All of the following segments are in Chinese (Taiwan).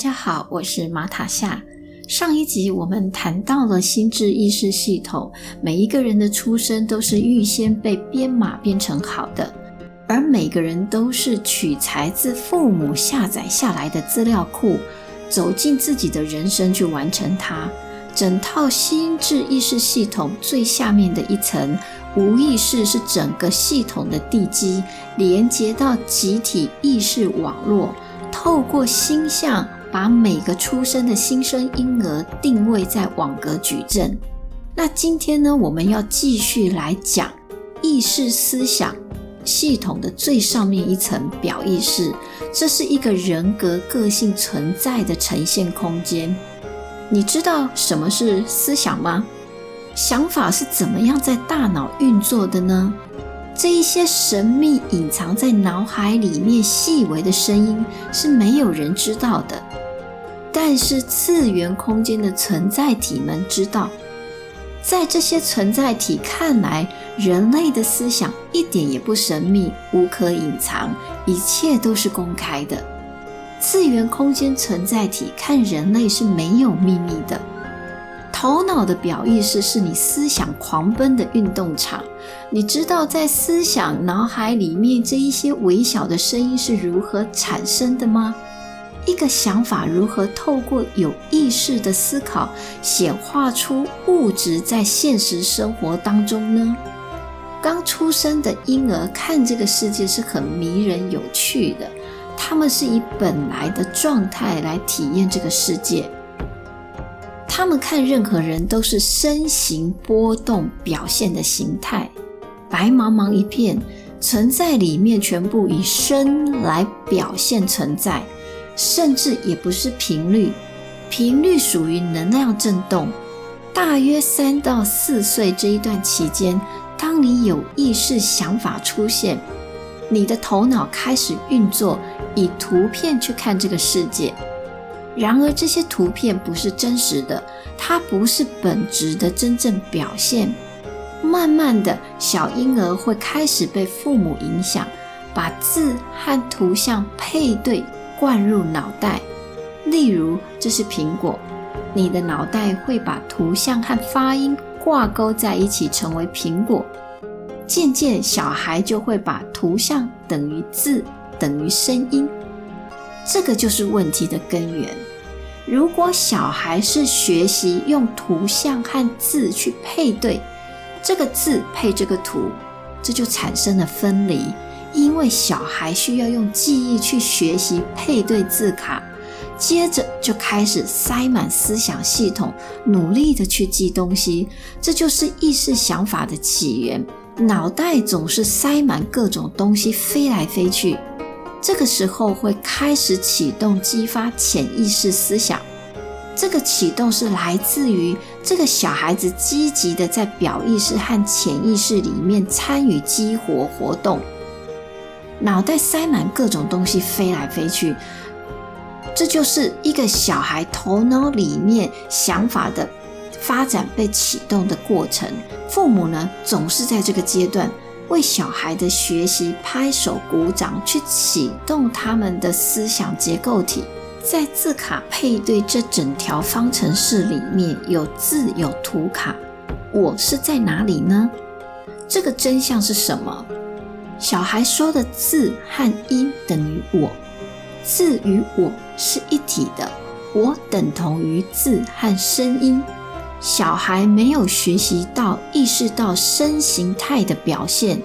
大家好，我是馬塔夏。上一集我們談到了心智意識系統，每一個人的出生都是預先被編碼編成好的，而每個人都是取材自父母下載下來的資料庫，走進自己的人生去完成它。整套心智意識系統最下面的一層無意識是整個系統的地基，連接到集體意識網絡，透過心象，把每個出生的新生嬰兒定位在網格矩陣。那今天呢，我們要繼續來講意識思想系統的最上面一層表意識，這是一個人格個性存在的呈現空間。你知道什麼是思想嗎？想法是怎麼樣在大腦運作的呢？這一些神秘隱藏在腦海裡面細微的聲音，是沒有人知道的。但是次元空間的存在體們知道，在這些存在體看來，人類的思想一點也不神秘，無可隱藏，一切都是公開的。次元空間存在體看人類是沒有秘密的。頭腦的表意識是，是你思想狂奔的運動場。你知道在思想腦海裡面這一些微小的聲音是如何產生的嗎？一個想法如何透過有意識的思考，顯化出物質在現實生活當中呢？剛出生的嬰兒看這個世界是很迷人有趣的，他們是以本來的狀態來體驗這個世界。他們看任何人都是身形波動表現的形態，白茫茫一片，存在裡面全部以身來表現存在。甚至也不是頻率，頻率屬於能量震動。大約三到四歲這一段期間，當你有意識想法出現，你的頭腦開始運作，以圖片去看這個世界。然而，這些圖片不是真實的，它不是本質的真正表現。慢慢的，小嬰兒會開始被父母影響，把字和圖像配對，灌入腦袋，例如這是蘋果，你的腦袋會把圖像和發音掛鈎在一起，成為蘋果。漸漸，小孩就會把圖像等於字等於聲音，這個就是問題的根源。如果小孩是學習用圖像和字去配對，這個字配這個圖，這就產生了分離。因為小孩需要用記憶去學習配對字卡，接着就開始塞滿思想系統，努力的去記東西，這就是意識想法的起源。腦袋總是塞滿各種東西飛來飛去，這個時候會開始啟動激發潛意識思想。這個啟動是來自於這個小孩子積極的在表意識和潛意識裡面參與激活活動。腦袋塞滿各種東西飛來飛去，這就是一個小孩頭腦裡面想法的發展被啟動的過程。父母呢，總是在這個階段為小孩的學習拍手鼓掌，去啟動他們的思想結構體。在字卡配對這整條方程式裡面，有字有圖卡，我是在哪裡呢？這個真相是什麼？小孩說的字和音等於我，字與我是一體的，我等同於字和聲音。小孩沒有學習到、意識到聲形態的表現，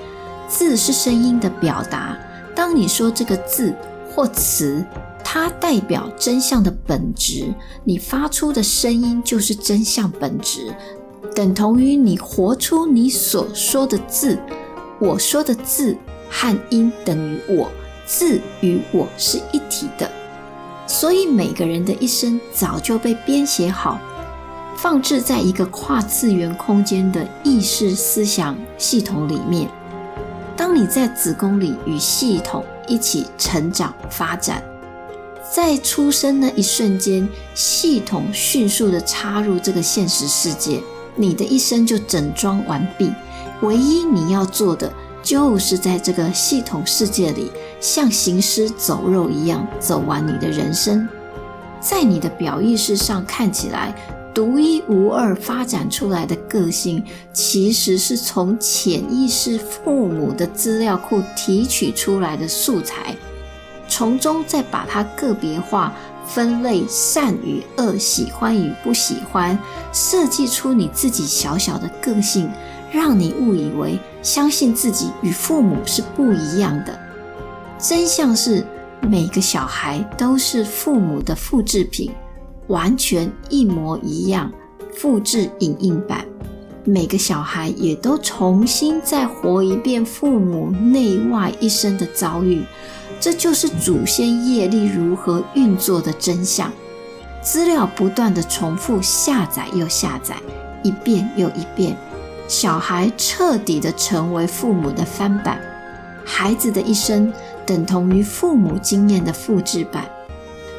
字是聲音的表達。當你說這個字或詞，它代表真相的本質，你發出的聲音就是真相本質，等同於你活出你所說的字。我說的“字”和“音”等於我，“字”與我是一體的，所以每個人的一生早就被編寫好，放置在一個跨次元空間的意識思想系統裡面。當你在子宮裡與系統一起成長發展，在出生的一瞬間，系統迅速地插入這個現實世界，你的一生就整裝完畢。唯一你要做的就是在這個系統世界裡，像行屍走肉一樣走完你的人生。在你的表意識上看起來獨一無二發展出來的個性，其實是從潛意識父母的資料庫提取出來的素材，從中再把它個別化、分類，善與惡，喜歡與不喜歡，設計出你自己小小的個性。讓你誤以為相信自己與父母是不一樣的。真相是，每個小孩都是父母的複製品，完全一模一樣，複製影印版。每個小孩也都重新再活一遍父母內外一生的遭遇。這就是祖先業力如何運作的真相。資料不斷地重複下載又下載，一遍又一遍。小孩徹底的成為父母的翻版，孩子的一生等同於父母經驗的複製版。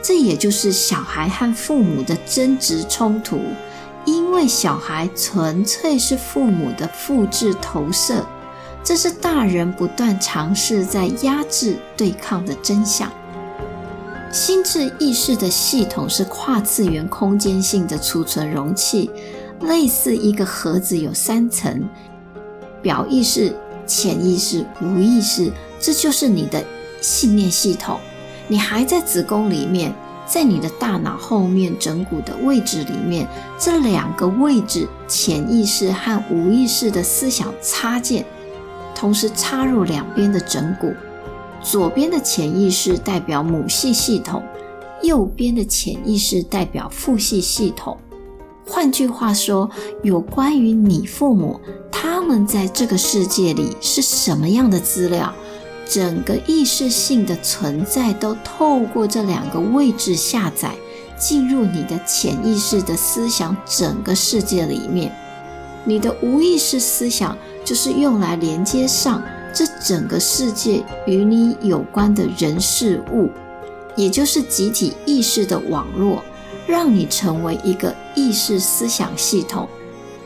這也就是小孩和父母的爭執衝突，因為小孩純粹是父母的複製投射。這是大人不斷嘗試在壓制對抗的真相。心智意識的系統是跨次元空間性的儲存容器。類似一個盒子有三層，表意識、潛意識、無意識，這就是你的信念系統。你還在子宮裡面，在你的大腦後面枕骨的位置裡面，這兩個位置，潛意識和無意識的思想插件，同時插入兩邊的枕骨，左邊的潛意識代表母系系統，右邊的潛意識代表父系系統。換句話說，有關於你父母，他們在這個世界裡是什麼樣的資料，整個意識性的存在都透過這兩個位置下載，進入你的潛意識的思想整個世界裡面。你的無意識思想就是用來連接上這整個世界與你有關的人事物，也就是集體意識的網絡。讓你成為一個意識思想系統，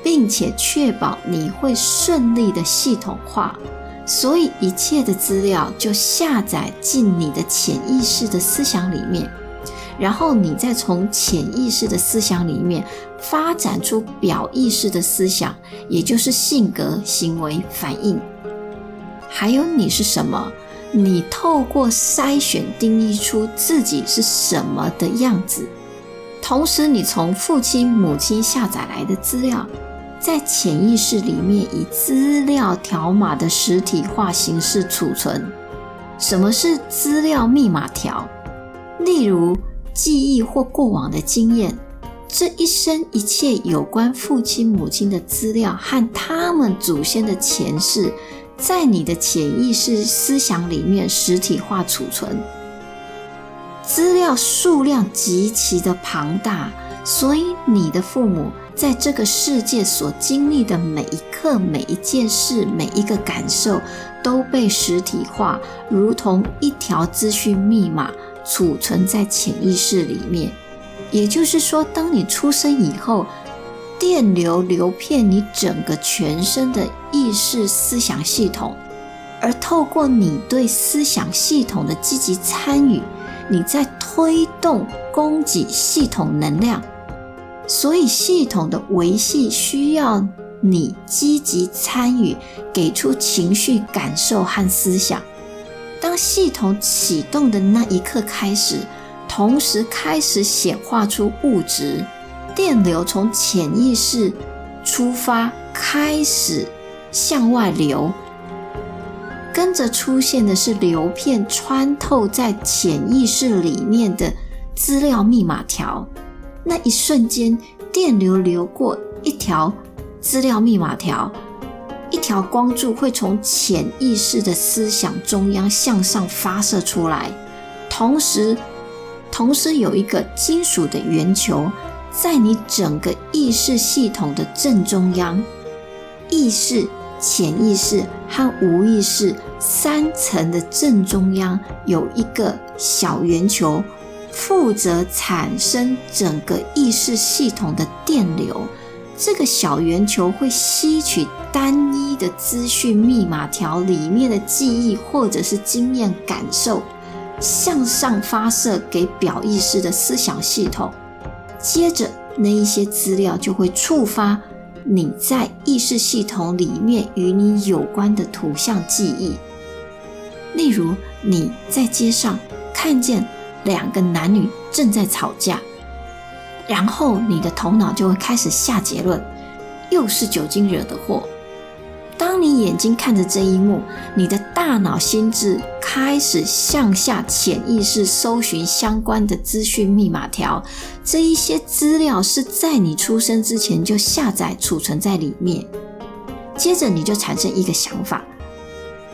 並且確保你會順利的系統化，所以一切的資料就下載進你的潛意識的思想裡面，然後你再從潛意識的思想裡面發展出表意識的思想，也就是性格、行為、反應，還有你是什麼，你透過篩選定義出自己是什麼的樣子。同時，你從父親、母親下載來的資料，在潛意識裡面以資料條碼的實體化形式儲存。什麼是資料密碼條？例如記憶或過往的經驗，這一生一切有關父親、母親的資料和他們祖先的前世，在你的潛意識思想裡面實體化儲存。資料數量極其的龐大，所以你的父母在這個世界所經歷的每一刻、每一件事、每一個感受都被實體化，如同一條資訊密碼，儲存在潛意識裡面。也就是說，當你出生以後，電流流遍你整個全身的意識思想系統，而透過你對思想系統的積極參與，你在推動供給系統能量，所以系統的維繫需要你積極參與，給出情緒、感受和思想。當系統啟動的那一刻開始，同時開始顯化出物質，電流從潛意識出發，開始向外流。跟着出現的是流片穿透在潛意識裡面的資料密碼條，那一瞬間電流流過一條資料密碼條，一條光柱會從潛意識的思想中央向上發射出來，同時同時有一個金屬的圓球在你整個意識系統的正中央，意識。潛意識和無意識三層的正中央有一個小圓球，負責產生整個意識系統的電流。這個小圓球會吸取單一的資訊密碼條裡面的記憶或者是經驗感受，向上發射給表意識的思想系統。接着，那一些資料就會觸發。你在意識系統裡面與你有關的圖像記憶，例如你在街上看見兩個男女正在吵架，然後你的頭腦就會開始下結論，又是酒精惹的禍。當你眼睛看着這一幕，你的大腦心智開始向下潛意識搜尋相關的資訊密碼條。這一些資料是在你出生之前就下載儲存在裡面，接着你就產生一個想法，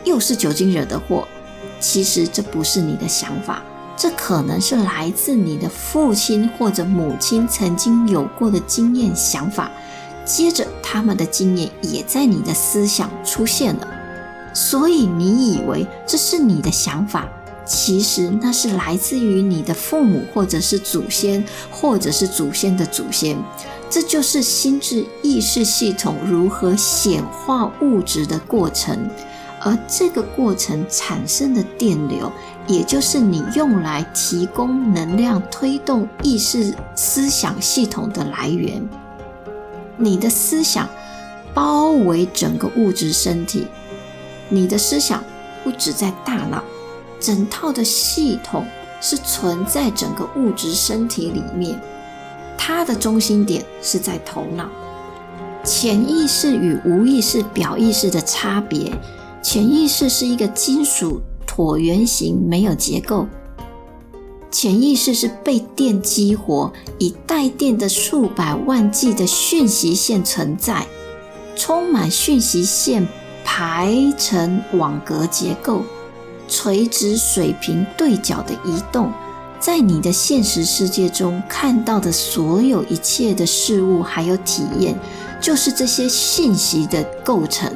又是酒精惹的禍。其實這不是你的想法，這可能是來自你的父親或者母親曾經有過的經驗想法，接着他們的經驗也在你的思想出現了，所以你以為這是你的想法。其實那是來自於你的父母，或者是祖先，或者是祖先的祖先。這就是心智意識系統如何顯化物質的過程，而這個過程產生的電流，也就是你用來提供能量推動意識思想系統的來源。你的思想包圍整個物質身體，你的思想不止在大腦。整套的系統是存在整個物質身體裡面，它的中心點是在頭腦。潛意識與無意識、表意識的差別，潛意識是一個金屬橢圓形，沒有結構。潛意識是被電激活，以帶電的數百萬計的訊息線存在，充滿訊息線排成網格結構。垂直、水平、對角的移動，在你的現實世界中看到的所有一切的事物，還有體驗，就是這些信息的構成。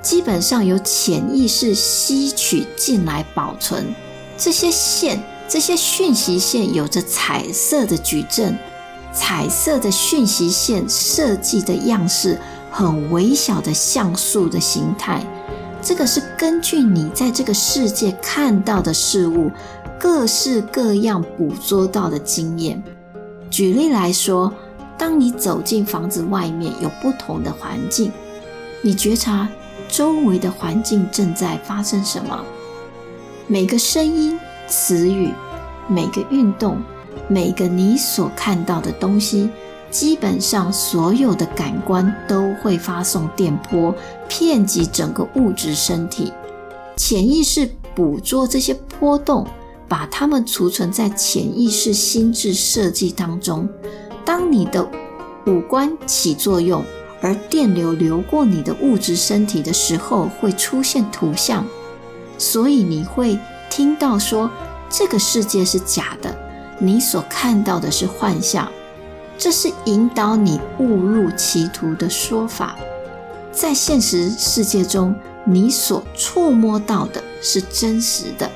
基本上由潛意識吸取進來、保存。這些線、這些訊息線，有着彩色的矩陣、彩色的訊息線設計的樣式，很微小的像素的形態。這個是根據你在這個世界看到的事物，各式各樣捕捉到的經驗。舉例來說，當你走進房子外面有不同的環境，你覺察周圍的環境正在發生什麼，每個聲音、詞語、每個運動，每個你所看到的東西。基本上，所有的感官都會發送電波，遍及整個物質身體。潛意識捕捉這些波動，把它們儲存在潛意識心智設計當中。當你的五官起作用，而電流流過你的物質身體的時候，會出現圖像。所以你會聽到說，這個世界是假的，你所看到的是幻象。這是引導你誤入歧途的說法。在現實世界中，你所觸摸到的是真實的。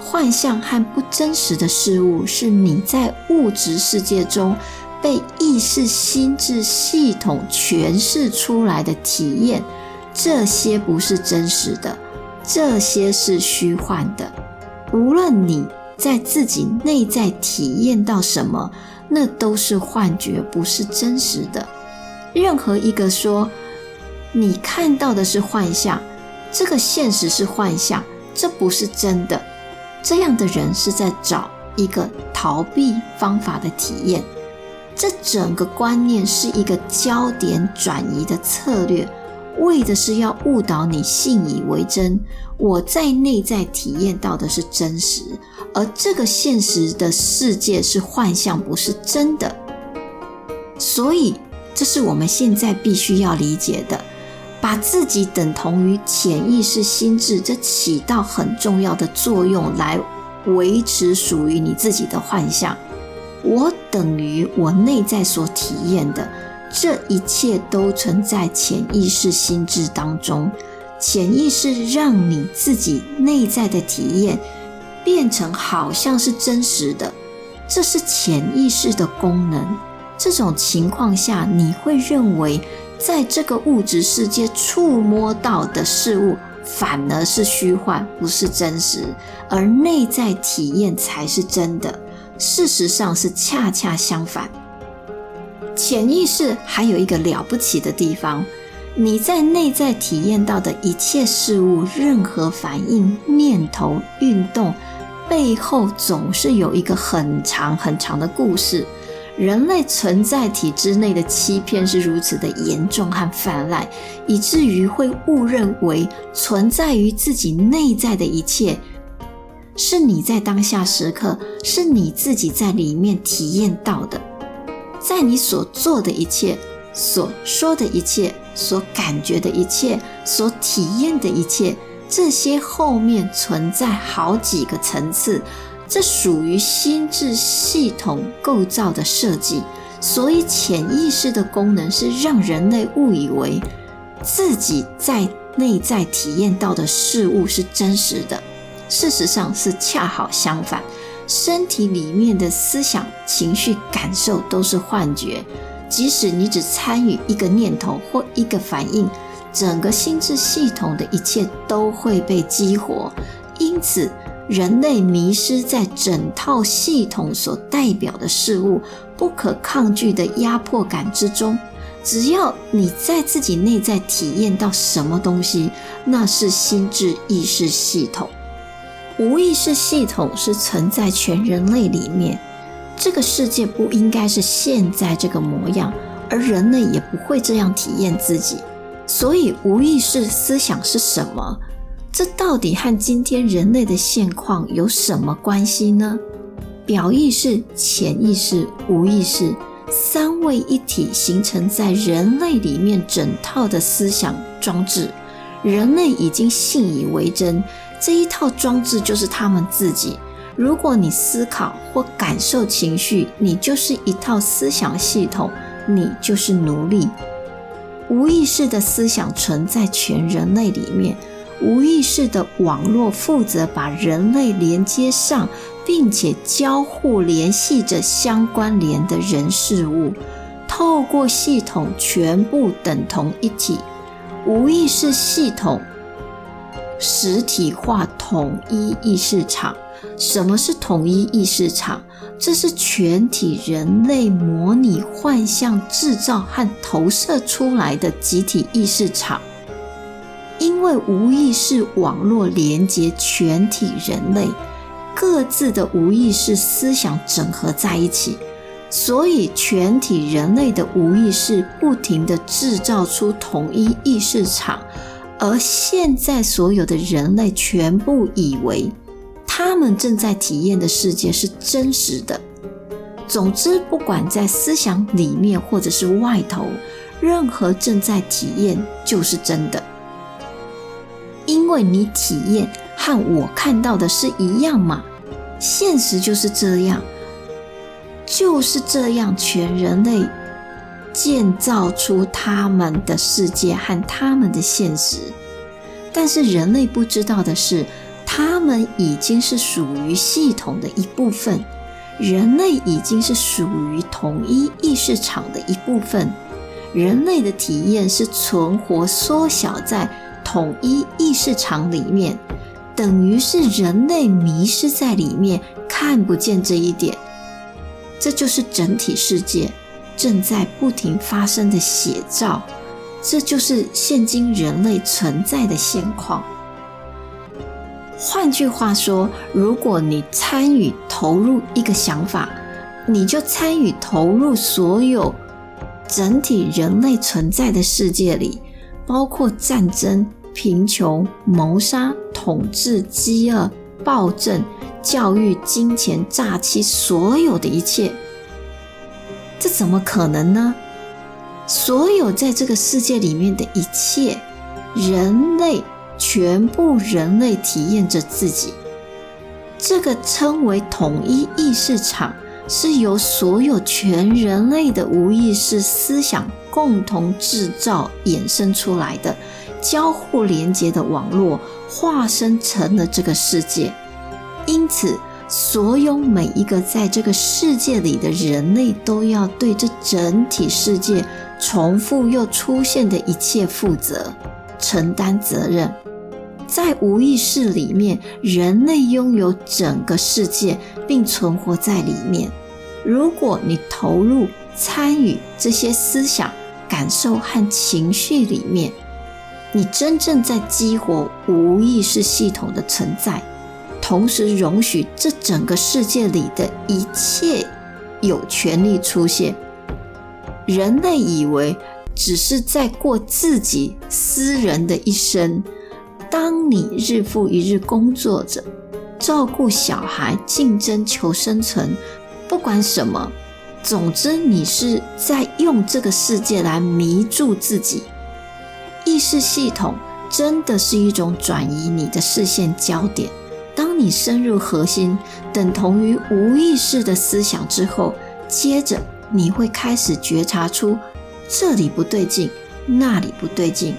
幻象和不真實的事物是你在物質世界中被意識心智系統詮釋出來的體驗。這些不是真實的，這些是虛幻的。無論你在自己內在體驗到什麼。那都是幻覺，不是真實的。任何一個說你看到的是幻象，這個現實是幻象，這不是真的，這樣的人是在找一個逃避方法的體驗。這整個觀念是一個焦點轉移的策略。為的是要誤導你信以為真。我在內在體驗到的是真實，而這個現實的世界是幻象，不是真的。所以，這是我們現在必須要理解的，把自己等同於潛意識心智，這起到很重要的作用，來維持屬於你自己的幻象。我等於我內在所體驗的。這一切都存在潛意識心智當中，潛意識讓你自己內在的體驗變成好像是真實的，這是潛意識的功能。這種情況下，你會認為在這個物質世界觸摸到的事物反而是虛幻，不是真實，而內在體驗才是真的，事實上是恰恰相反。潛意識還有一個了不起的地方，你在內在體驗到的一切事物、任何反應、念頭、運動背後，總是有一個很長很長的故事。人類存在體制內的欺騙是如此的嚴重和泛濫，以至於會誤認為存在於自己內在的一切，是你在當下時刻，是你自己在裡面體驗到的。在你所做的一切、所說的一切、所感覺的一切、所體驗的一切，這些後面存在好幾個層次，這屬於心智系統構造的設計。所以，潛意識的功能是讓人類誤以為自己在內在體驗到的事物是真實的，事實上是恰好相反。身體裡面的思想、情緒、感受都是幻覺，即使你只參與一個念頭或一個反應，整個心智系統的一切都會被激活。因此，人類迷失在整套系統所代表的事物不可抗拒的壓迫感之中。只要你在自己內在體驗到什麼東西，那是心智意識系統。無意識系統是存在全人類裡面，這個世界不應該是現在這個模樣，而人類也不會這樣體驗自己。所以，無意識思想是什麼？這到底和今天人類的現況有什麼關係呢？表意識、潛意識、無意識三位一體形成在人類裡面整套的思想裝置，人類已經信以為真。這一套裝置就是他們自己。如果你思考或感受情緒，你就是一套思想系統，你就是奴隸。無意識的思想存在全人類裡面，無意識的網絡負責把人類連接上，並且交互聯繫着相關聯的人事物，透過系統全部等同一體，無意識系統。實體化統一意識場。什麼是統一意識場？這是全體人類模擬幻象制造和投射出來的集體意識場。因為無意識網絡連接全體人類，各自的無意識思想整合在一起，所以全體人類的無意識不停地制造出統一意識場。而現在，所有的人類全部以為他們正在體驗的世界是真實的。總之，不管在思想裡面或者是外頭，任何正在體驗就是真的，因為你體驗和我看到的是一樣嘛。現實就是這樣，就是這樣，全人類。建造出他們的世界和他們的現實，但是人類不知道的是，他們已經是屬於系統的一部分，人類已經是屬於統一意識場的一部分。人類的體驗是存活縮小在統一意識場裡面，等於是人類迷失在裡面，看不見這一點。這就是整體世界正在不停發生的寫照，這就是現今人類存在的現況。換句話說，如果你參與投入一個想法，你就參與投入所有整體人類存在的世界裡，包括戰爭、貧窮、謀殺、統治、飢餓、暴政、教育、金錢、詐欺，所有的一切。這怎麼可能呢？所有在這個世界裡面的一切，人類全部人類體驗着自己。這個稱為統一意識場，是由所有全人類的無意識思想共同製造、衍生出來的交互連接的網絡，化身成了這個世界。因此。所有每一個在這個世界裡的人類，都要對這整體世界重複又出現的一切負責、承擔責任。在無意識裡面，人類擁有整個世界，並存活在裡面。如果你投入、參與這些思想、感受和情緒裡面，你真正在激活無意識系統的存在。同時容許這整個世界裡的一切有權利出現。人類以為只是在過自己私人的一生。當你日復一日工作着，照顧小孩，競爭求生存，不管什麼，總之你是在用這個世界來迷住自己。意識系統真的是一種轉移你的視線焦點。當你深入核心，等同於無意識的思想之後，接着你會開始覺察出這裡不對勁，那裡不對勁，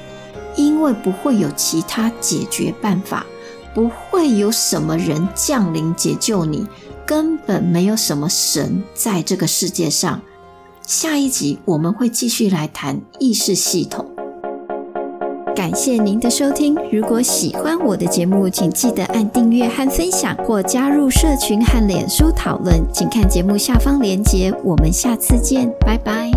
因為不會有其他解決辦法，不會有什麼人降臨解救你，根本沒有什麼神在這個世界上。下一集我們會繼續來談意識系統。感謝您的收聽。如果喜歡我的節目，請記得按訂閱和分享，或加入社群和臉書討論。請看節目下方連結。我們下次見，拜拜。